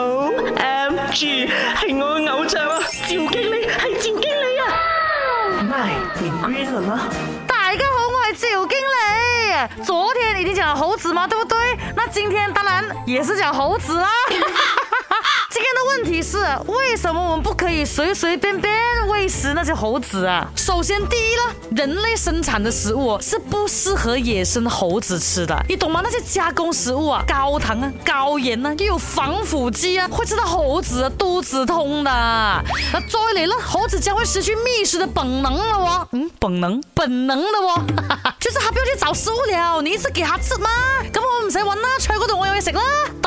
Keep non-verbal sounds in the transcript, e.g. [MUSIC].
O M G，係我嘅偶像啊！趙經理係前經理啊！咪你 g r e e 啦！大家好，我係趙經理，昨天已經講猴子嘛，對不對？那今天當然也是講猴子啦。 [LAUGHS] 今天的問題是，為什麼我們不可以隨隨便便餵食那些猴子啊？首先，第一呢，人類生產的食物是不適合野生猴子吃的，你懂嗎？那些加工食物啊，高糖啊，高鹽啊，又有防腐劑啊，會吃到猴子肚子痛的。那再來呢，猴子將會失去覓食的本能了哦。嗯，本能，本能的哦， [LAUGHS] 就是它不要去找食物了，你一直給它吃嗎？咁我唔使搵啦，吹嗰的我有嘢食啦。